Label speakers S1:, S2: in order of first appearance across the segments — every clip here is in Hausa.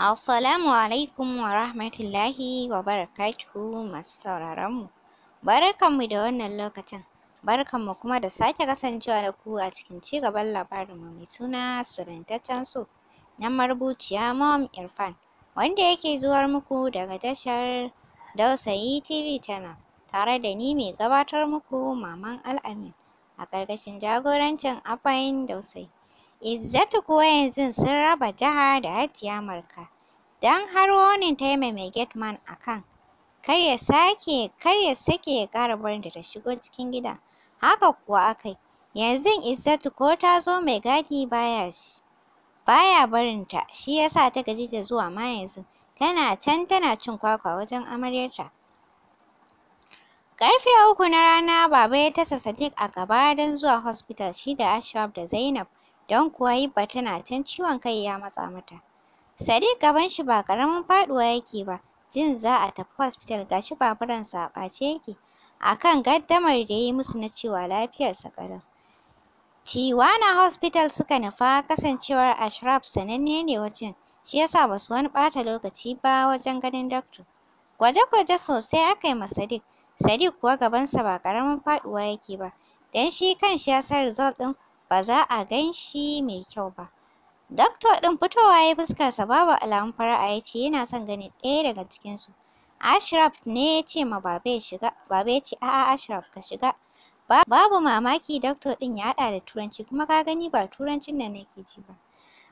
S1: Assalamu alaikum wa rahmatullahi wa barakatuhu masu sauraron mu. da wannan lokacin, barkan mu kuma da sake kasancewa da ku a cikin ci gaban labarin mai suna sirrintaccen su, na marubuciya Mom Irfan wanda yake zuwar muku daga tashar Dausayi TV Channel tare da ni mai gabatar muku Maman Al'amin a ƙarƙashin jagorancin Afayin Dausayi. Izzatu kuwa yanzu sun raba jiha da Hajiya Marka. Don har wani ta yi mai gate a kan karya ya sake kar ya sake ya ƙara barinta ta shigo cikin gida, Haka kuwa aka yi. Yanzu Izzatu ko ta zo mai gadi baya shi baya barinta shi ya sa ta gaji da zuwa ma yanzu. Tana can tana cin kwakwa wajen amaryarta. Karfe uku na rana Baba ya tasa Sadiq a gaba don zuwa hospital shi da Ashraf da Zainab. don kuwa Hibba tana can ciwon kai ya matsa mata. Sadiq gaban shi ba ƙaramin faɗuwa yake ba, jin za a tafi hospital ga shi baburansa a ɓace yake, a kan gaddamar da ya yi musu na cewa lafiyarsa ƙalau. Tiwana hospital suka nufa kasancewar Ashraf sananne ne wajen, shi yasa ba su wani ɓata lokaci ba wajen ganin doctor. Gwaje-gwaje sosai aka yi ma Sadiq, Sadiq kuwa gabansa ba ƙaramin faɗuwa yake ba, don shi kanshi ya san result ɗin ba za a gan shi mai kyau ba. Dakto ɗin fitowa ya yi fuskarsa babu alamun fara'a ya ce yana son gani ɗaya daga cikinsu. Ashraf ne ya ce ma Baba ya shiga, Baba ya ce a'a Ashraf ka shiga. Babu mamaki dakto ɗin ya haɗa da Turanci kuma ka gani ba Turancin da nake ji ba.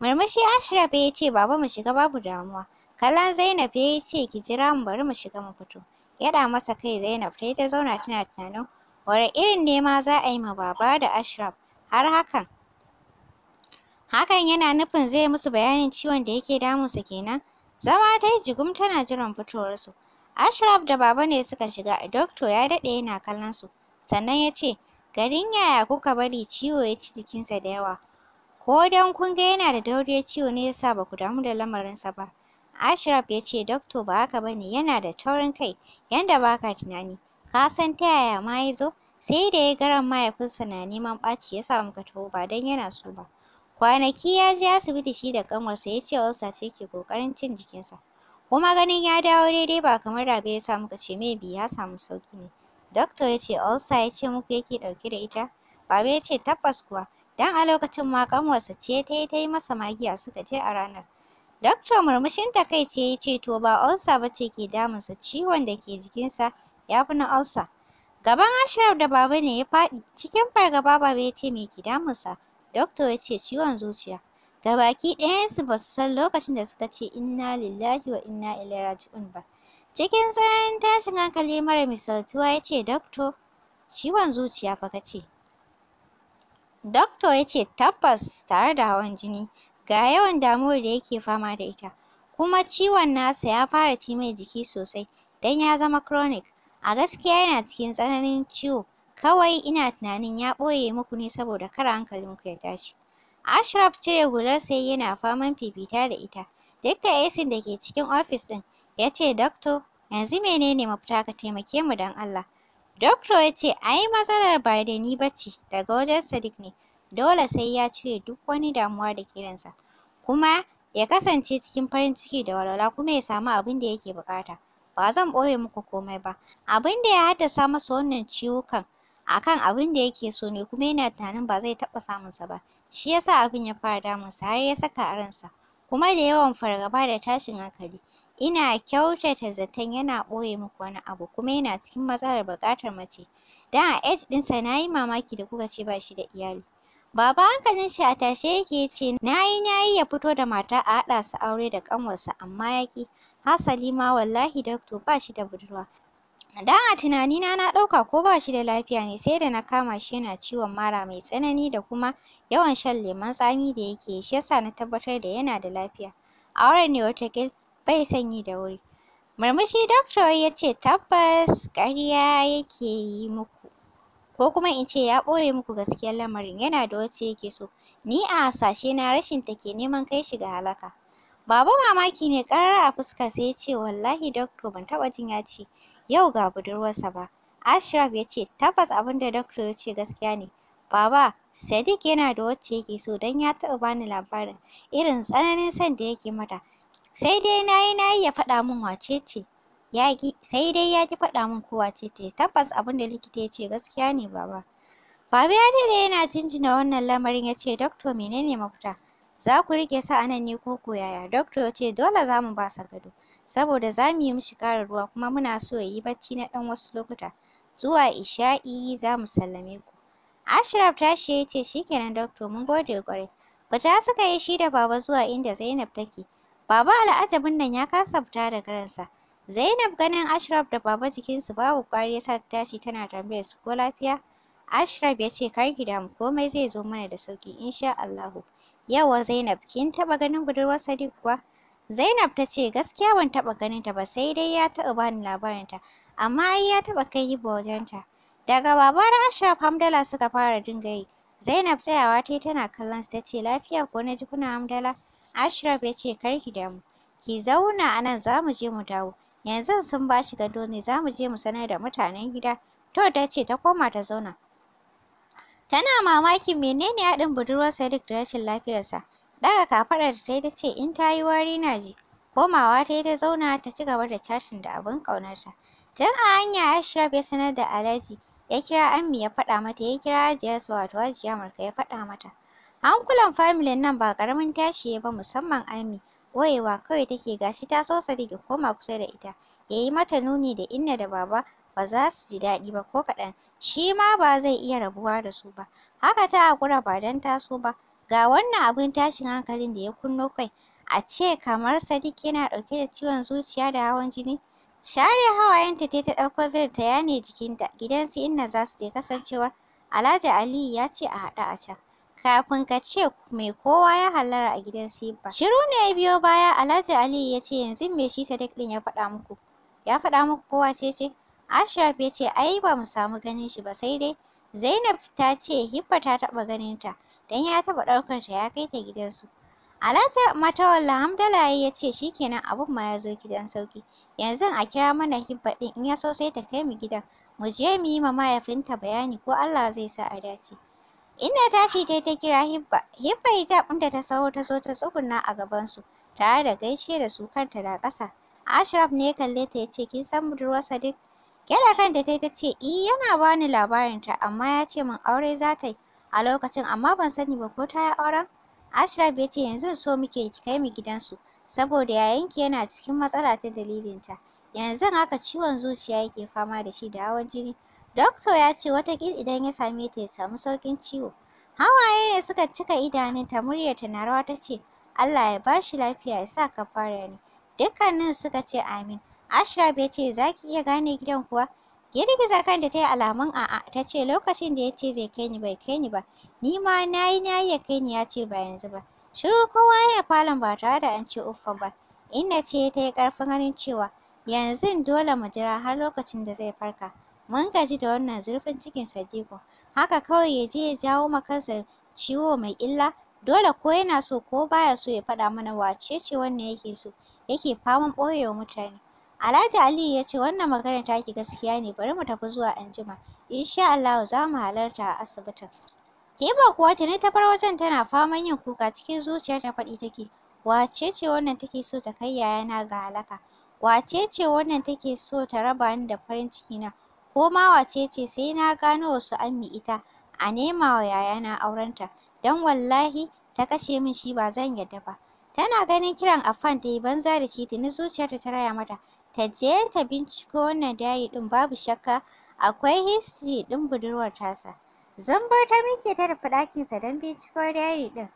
S1: Murmushi Ashraf ya ce Baba mu shiga babu damuwa. Kallon Zainab ya ce ki jira mu bari mu shiga mu fito. Gyaɗa masa kai Zainab ta yi ta zauna tana tunanin wane irin nema za a yi ma Baba da Ashraf. har hakan hakan yana nufin zai musu bayanin ciwon da yake damunsa kenan zama ta yi jigum tana jiran fitowarsu Ashraf da baba ne suka shiga doctor ya daɗe yana kallon su sannan ya ce garin yaya kuka bari ciwo ya ci jikinsa da yawa ko don kun ga yana da dauriyar ciwo ne yasa ba ku damu da lamarinsa ba Ashraf ya ce doctor ba haka bane yana da taurin kai yanda ba ka tunani ka san ta yaya ma ya zo Sai da ya ga ran mahaifinsa na neman ɓaci ya sa muka taho ba don yana so ba. Kwanaki ya je asibiti shi da ƙanwarsa ya ce ulcer ce ke ƙoƙarin cin jikinsa. Kuma ganin ya dawo daidai ba kamar Rabe ya sa muka ce maybe ya samu sauƙi ne. Doctor ya ce ulcer ya ce muku yake ɗauke da ita? Rabe ya ce tabbas kuwa. Don a lokacin ma ƙanwarsa ce ta yi ta yi masa magiya suka je a ranar. Dokta murmushin takaice ya ce to ba Ulsa ba ce ke damunsa ciwon da ke jikinsa ya fi na ulcer. Gaban Ashraf da Baba ne ya faɗi cikin fargaba Baba ya ce me gida musa doctor ya ce ciwon zuciya. Gabaki ɗayansu ba su san lokacin da suka ce inna lillahi wa inna ilaihi raji'un ba. Cikin tsananin tashin hankali mara misaltuwa ya ce doctor ciwon zuciya fa ka ce. ya ce tabbas tare da hawan jini ga yawan damuwar da yake fama da ita. Kuma ciwon nasa ya fara ci mai jiki sosai don ya zama chronic. a gaskiya yana cikin tsananin ciwo kawai ina tunanin ya ɓoye muku ne saboda kar ku ya tashi Ashraf cire sa yayi yana faman fifita da ita duk da AC da ke cikin ofis ɗin yace ce doctor yanzu menene mafita ka taimake mu don Allah doctor yace ai matsalar ba da ni bace daga wajen Sadiq ne dole sai ya cire duk wani damuwa da ke kuma ya kasance cikin farin ciki da walwala kuma ya samu abin da yake buƙata ba zan ɓoye muku komai ba abin da ya haddasa masa wannan ciwukan akan abin da yake so ne kuma yana tunanin ba zai taɓa samun sa ba shi yasa abin ya fara damun sa har ya saka a ransa kuma da yawan fargaba da tashin hankali ina kyautata zaton yana ɓoye muku wani abu kuma yana cikin matsalar buƙatar mace don a age ɗinsa na yi mamaki da kuka ce ba shi da iyali Baba hankalin shi a tashe yake Na ce nayi nayi ya fito da mata a haɗa su aure da ƙanwarsa amma yaki, Hasali ma wallahi dakto ba shi da budurwa. Dan a tunanina na ɗauka ko ba shi da lafiya ne sai da na kama shi yana ciwon mara mai tsanani da kuma yawan shan lemon tsami da yake shi yasa na tabbatar da yana da lafiya. Auren ne wataƙil bai sanyi da wuri. Murmushi dakto yace ce tabbas ƙarya yake yi muku. ko kuma in ce ya ɓoye muku gaskiyar lamarin yana da wacce yake so ni a hasashe na rashin ta ke neman kai shi ga halaka Baba mamaki ne ƙarara a fuskar sa ya ce wallahi doctor ban taɓa jin ya ce yau ga budurwarsa ba Ashraf ya ce tabbas abin da doctor ya ce gaskiya ne Baba Sadiq yana da wacce yake so don ya taɓa bani labarin irin tsananin son da yake mata sai dai na yi na yi ya faɗa min wacece? ya sai dai ya ƙi faɗa min kowa ce ce tabbas abin da likita ya ce gaskiya ne baba baba ya dade yana jinjina wannan lamarin ya ce doctor menene mafita za ku riƙe sa anan ne ko ko yaya doctor ya ce dole za mu ba sa gado saboda za mu yi mishi ƙarin ruwa kuma muna so ya yi bacci na ɗan wasu lokuta zuwa isha'i za mu sallame ku Ashraf tashi ya ce shikenan doctor mun gode ƙwarai fita suka yi shi da baba zuwa inda Zainab take baba al'ajabin nan ya kasa fita da ransa Zainab ganin Ashraf da Baba jikinsu babu kwari ya sa ta tashi tana tambayar su ko lafiya. Ashraf ya ce kar ki damu komai zai zo mana da sauƙi insha Allahu. Yawa Zainab kin taɓa ganin budurwar Sadiq kuwa? Zainab ta ce gaskiya ban taba ganin ta ba sai dai ya taɓa bani labarinta amma ai ya taɓa kai wajen ta Daga babar Ashraf Hamdala suka fara dinga yi. Zainab tsayawa ta yi tana kallon su ta ce lafiya ko na ji kuna Hamdala? Ashraf ya ce kar ki damu ki zauna anan za mu je mu dawo. yanzu sun ba shi gado ne za mu je mu sanar da mutanen gida to ta ce ta koma ta zauna tana mamakin menene haɗin budurwar Sadiq da rashin lafiyarsa daga kafaɗar ta yi ta ce in ta yi wari na ji komawa ta yi ta zauna ta ci gaba da chatting da abin ƙaunarta tun a hanya Ashraf ya sanar da Alhaji ya kira Ammi ya faɗa mata ya kira Hajiyarsa wato Hajiya Marka ya faɗa mata hankulan familin nan ba ƙaramin tashi ba musamman Ammi Wayewa kawai take gashi ta so Sadiq koma kusa da ita. Yayi mata nuni da inna da baba ba za su ji daɗi ba ko kaɗan. Shi ma ba zai iya rabuwa da su ba. Haka ta haƙura ba dan ta so ba. Ga wannan abin tashin hankalin da ya kunno kai. A ce kamar Sadiq yana ɗauke da ciwon zuciya da hawan jini. Share hawayenta tai ta ɗauko bel ta yane jikinta. Gidan su Inna za su je kasancewar Alhaji Aliyu ya ce a haɗu a can. kafin ka ce me kowa ya halara a gidan Sibba. Shiru ne ya biyo baya Alhaji Ali ya ce yanzu me shi Sadiq din ya faɗa muku. Ya faɗa muku kowa ce ce? Ashraf ya ce ai ba mu samu ganin shi ba sai dai Zainab ta ce Hibba ta taɓa ganin ta dan ya taɓa ɗaukar ta ya kai ta gidansu. Alhaji Matawalla Hamdalaye ya ce shikenan abun ma ya zo gidan sauki. Yanzu a kira mana Hibba din in ya so sai ta kai mu gidan. Mu je mu yi ma mahaifinta bayani ko Allah zai sa a dace. Inna tashi tai ta kira Hibba. Hibba hijab inda da ta sauro ta zo ta tsuguna a gabansu tare da gaishe da su kanta da ƙasa. Ashraf ne ya kalle ta ya ce kin san budurwar Sadiq? Gyara kanta tai ta ce i eh, yana bani labarinta amma ya ce min aure za ta yi a lokacin amma ban sani ba ko ta yi auren. Ashraf ya ce yanzu so muke ki kai mu gidansu saboda yayanki yana cikin matsala ta dalilinta. Yanzu haka ciwon zuciya yake fama da shi da hawan jini Dokto ya ce watakila idan ya same ta ya samu saukin ciwo. Hawaye ne suka cika idanunta muryarta na rawa ta ce, Allah ya ba shi lafiya ya sa ka fara ni. Dukkanin suka ce amin. Ashraf ya ce, za ki iya gane gidan kuwa? Girgiza da ta yi alamun a'a ta ce lokacin da ya ce zai kai ni bai kai ni ba. Ni ma na yi na ya kai ni ya ce ba yanzu ba. Shiru kowa ya falon ba tare da an ce uffa ba. Inna ce ta yi ƙarfin ganin cewa yanzu dole mu jira har lokacin da zai farka. Mun gaji da wannan zurfin cikin Sadiku. Haka kawai ya je ya jawo ma kansa ciwo mai illa. Dole ko yana so ko baya so ya faɗa mana wace ce wannan yake so, yake faman ɓoyewa mutane. Alhaji Ali ya ce wannan ta ki gaskiya ne bari mu tafi zuwa anjima. Insha Allahu za mu halarta a asibitin. Hiba kuwa tuni ta bar wajen tana faman yin kuka cikin zuciyar ta faɗi take. Wace ce wannan take so ta kai yayana ga halaka? Wace ce wannan take so ta raba ni da farin ciki na? ko ma wace ce sai na gano wasu Ammi ita, a nema wa yayana aurenta, don wallahi ta kashe min shi ba zan yadda ba. Tana ganin kiran afan ta yi banza da shi tuni zuciyar ta raya mata, ta je ta binciko wannan diary ɗin babu shakka akwai history ɗin budurwar tasa. zan bar ta miƙe ta rufe ɗakinsa don binciko diary ɗin.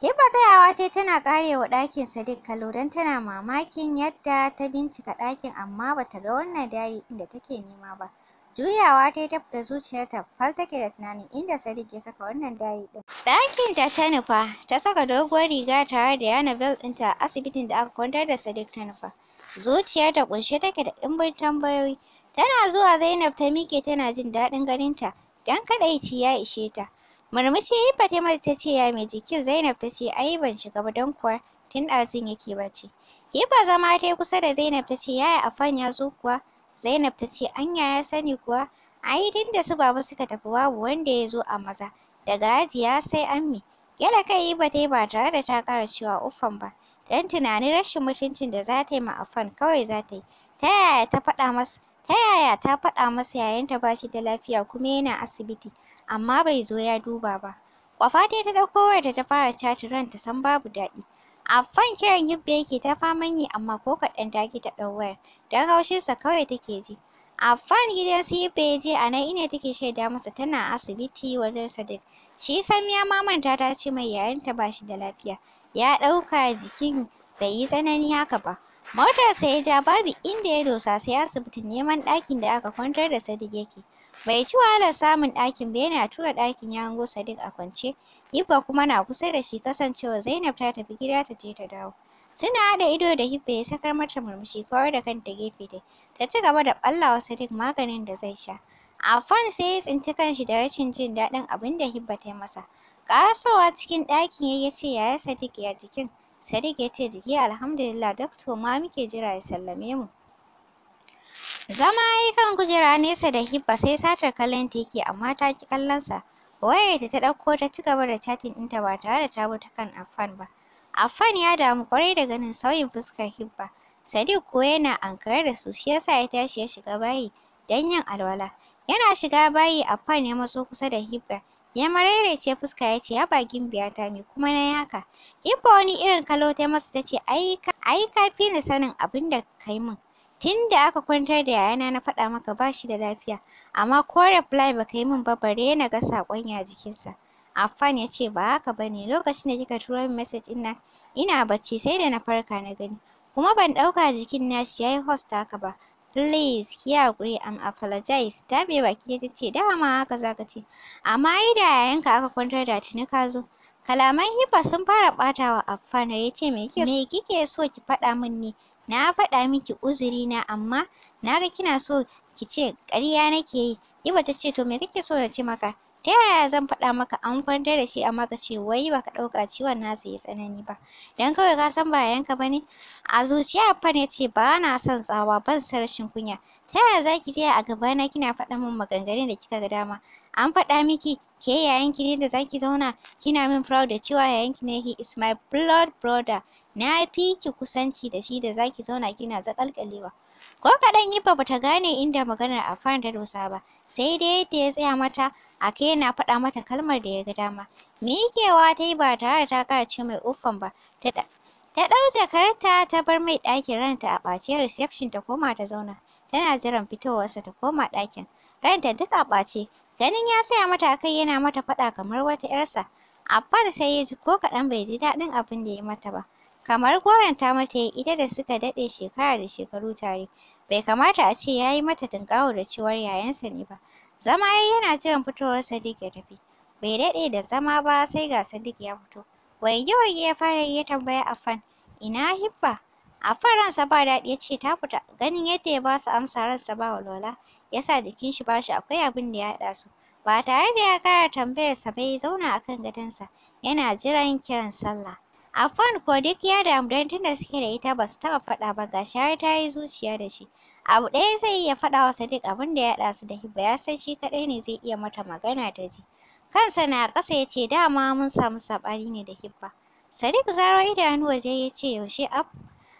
S1: Hibba ta tai tana karewa ɗakin Sadiq kallo don tana mamakin yadda ta bincika ɗakin amma ba ta ga wannan diary inda take nema ba. Juyawa tai ta fita zuciyarta fal take da tunanin inda Sadiq ya saka wannan diary ɗin. Ɗakin ta ta nufa ta saka doguwar riga tare da yana bel ɗinta a asibitin da aka kwantar da Sadiq ta nufa. Zuciyarta ƙunshe take da ɗimbin tambayoyi. Tana zuwa Zainab ta miƙe tana jin daɗin ganin ganinta don kaɗaici ya ishe ta. Murmushi fatima ta ta ce ya mai jikin Zainab ta ce ai ban shiga ba don kuwa tun ɗazun yake ce Hibba zama ta kusa da Zainab ta ce yaya Afan ya zo kuwa? Zainab ta ce anya ya sani kuwa? Ai tun da su babu suka tafi babu wanda ya zo a maza. Daga hajiya sai an ammi. Yana kai Hibba ta yi ba tare da ta ƙara cewa uffan ba. Dan tunanin rashin mutuncin da za ta yi ma Afan kawai za ta yi. Ta yaya ta faɗa masa Ta yaya ta faɗa masa yayanta ba shi da lafiya kuma yana asibiti, amma bai zo ya duba ba. Kwafa dai ta ɗauko da ta fara catin ranta san babu daɗi. Affan kiran Yubbe yake ta fama yi amma ko kaɗan ta ƙi ta ɗau wayar, don haushinsa kawai take ji. Affan gidan su Yubbe ya je a nan ina take shaida masa tana asibiti wajen Sadiq. Shi sam ya ma manta ta ce mai yayanta ba shi da lafiya, ya ɗauka jikin bai yi tsanani haka ba. Motarsa ya ja babu inda ya dosa sai asibitin neman ɗakin da aka kwantar da Sadiq yake. Bai ci wahalar samun ɗakin ba yana tura ɗakin ya hango Sadiq a kwance. Hibba kuma na kusa da shi kasancewa Zainab ta tafi gida ta je ta dawo. Suna haɗa ido da Hibba ya sakar mata murmushi kawar da kanta gefe dai. Ta ci gaba da ɓallawa Sadiq maganin da zai sha. Afan sai ya tsinci kanshi da rashin jin daɗin abin da Hibba ta yi masa. Ƙarasowa cikin ɗakin ya ce yaya Sadiq ya jikin? Sadiq ya ce jiki alhamdulillah dakto ma muke jira ya sallame mu. Zama ya kan kujera nesa da hibba sai satar kallon ta yake amma ta ki kallon sa. Waye ta ta ɗauko ta ci gaba da chatting ɗinta ba tare da ta bi ta kan Affan ba. Affan ya damu kwarai da ganin sauyin fuskar hibba. Sadiq ko yana ankare da su shi yasa ya tashi ya shiga bayi don yin alwala. Yana shiga bayi Affan ya matso kusa da hibba. Ya marairaice fuska ya ce, 'ya gimbiya ta ne, kuma na yi haka? ba wani irin kalo ta masa ta ce, ai ka ni sanin abin da ka yi min. Tun da aka kwantar da yayana na faɗa maka ba shi da lafiya, amma ko reply ba ka yi min ba bare na ga saƙon ya jikinsa. Affan ya ce ba haka ba ne lokacin da kika turo min message ɗin nan ina bacci sai da na farka na gani. Kuma ban ɗauka jikin nashi ya yi host haka ba. please ki haƙuri am apologize ta be baki ta ce dama haka zaka ce amma ai da yayanka aka kwantar da tuni ka zo kalaman hifa sun fara ɓatawa affan ya ce me kike so ki faɗa min ne na faɗa miki uzuri na amma na ga kina so ki ce ƙarya nake yi hifa ta ce to me kake so na ce maka ta yaya zan faɗa maka an kwantar da shi amma ka ce wai ka ɗauka ciwon nasa ya tsanani ba dan kawai ka san ba ba bane a zuciya fa ne ce ba na son tsawa ban san rashin kunya ta yaya za ki tsaya a gabana kina faɗa min maganganun da kika ga dama an faɗa miki ke yayan ki ne da za ki zauna kina min proud da cewa yayan ki ne he is my blood brother na fi ki kusanci da shi da za ki zauna kina zaƙalƙalewa ko kaɗan yi ba bata gane inda maganar Afan ta dosa ba sai dai yadda ya tsaya mata Ake yana faɗa mata kalmar da ya ga dama. Miƙewa ta yi ba tare da ta ƙara ce mai uffam ba. Ta ɗau jakarta ta bar mai ɗakin ranta a ɓace reception ta koma ta zauna. Tana jiran fitowarsa ta koma ɗakin. Ranta duk a ɓace. Ganin ya saya mata a kai yana mata faɗa kamar wata 'yarsa. Abba sai ya ji ko kaɗan bai ji daɗin abin da ya mata ba. Kamar goranta mata ya ita da suka daɗe shekara da shekaru tare. Bai kamata a ce ya yi mata tunkaro da cewar yayansa ne ba. Zama yayi yana jiran fitowar Sadiq ya tafi. Bai daɗe da zama ba sai ga Sadiq ya fito. Waige-waige ya fara yi ya tambaya Affan, ina Hibba? Affan ransa ba daɗi yace ta fita. Ganin yadda ya ba su amsa ransa ba walwala, yasa jikin shi bashi akwai abin da ya haɗa su. Ba tare da ya kara tambayar sa bai zauna akan kan sa. yana jiran kiran sallah. Affan ko duk ya damu don tunda suke da ita ba su taɓa faɗa ba gashi har ta yi zuciya da shi. Abu ɗaya zai iya faɗa wa Sadiq abin da ya haɗa su da Hibba ya san shi kaɗai ne zai iya mata magana da ji. Kansa na ƙasa ya ce dama mun samu saɓani ne da Hibba. Sadiq zaro idanu waje ya ce yaushe ab.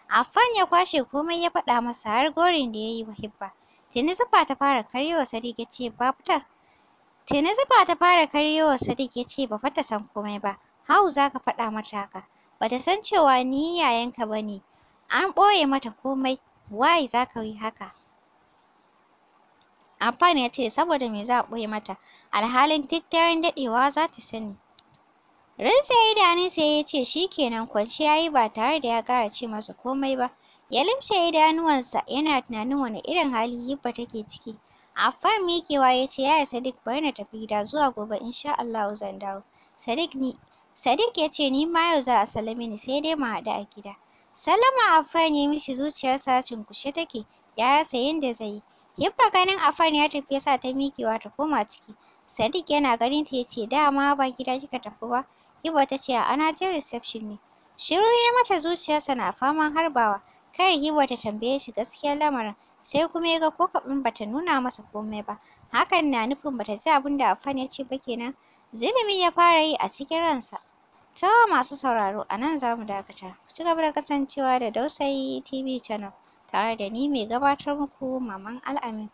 S1: Affan ya kwashe komai ya faɗa masa har gorin da ya yi wa Hibba. Tuni zufa ta fara karyewa Sadiq ya ce ba fita. Tuni zufa ta fara Sadiq ya ba fa san komai ba. Hau za ka faɗa mata haka. Ba ta san cewa ni yayanka ba ne. An ɓoye mata komai. Why za ka yi haka? Amfan ya ce saboda me za a ɓoye mata alhalin duk daɗewa za ta sani. Rinsa ya yi sai ya ce shi kenan kwanci ya yi ba tare da ya ƙara ce masa komai ba. Ya limshe idanuwansa yana tunanin wani irin hali Hibba take ciki. Affan miƙewa ya ce yaya Sadiq bari na tafi gida zuwa gobe insha Allah zan dawo. Sadiq ni Sadiq ya ce ni ma yau za a sallame ni sai dai mu haɗu a gida. Salama Afan ya mishi zuciyarsa cinkushe take, ya rasa yadda zai yi. Hibba ganin Afan ya tafi yasa ta miƙewa ta koma ciki. Sadiq yana ganin ta ya ce dama ba gida kika tafi ba. Hiba ta ce a'a na je reception ne. Shiru ya mata zuciyarsa na faman harbawa. Kai Hiba ta tambaye shi gaskiyar lamarin. Sai kuma ya ga ko kaɓin ba ta nuna masa komai ba. Hakan na nufin ba ta ji abin da afan ya ce ba kenan. Zulumi ya fara yi a cikin ransa. To masu sauraro a nan za mu dakata. Ku ci gaba da kasancewa da Dausayi TV Channel tare da ni mai gabatar muku Maman Al'amin.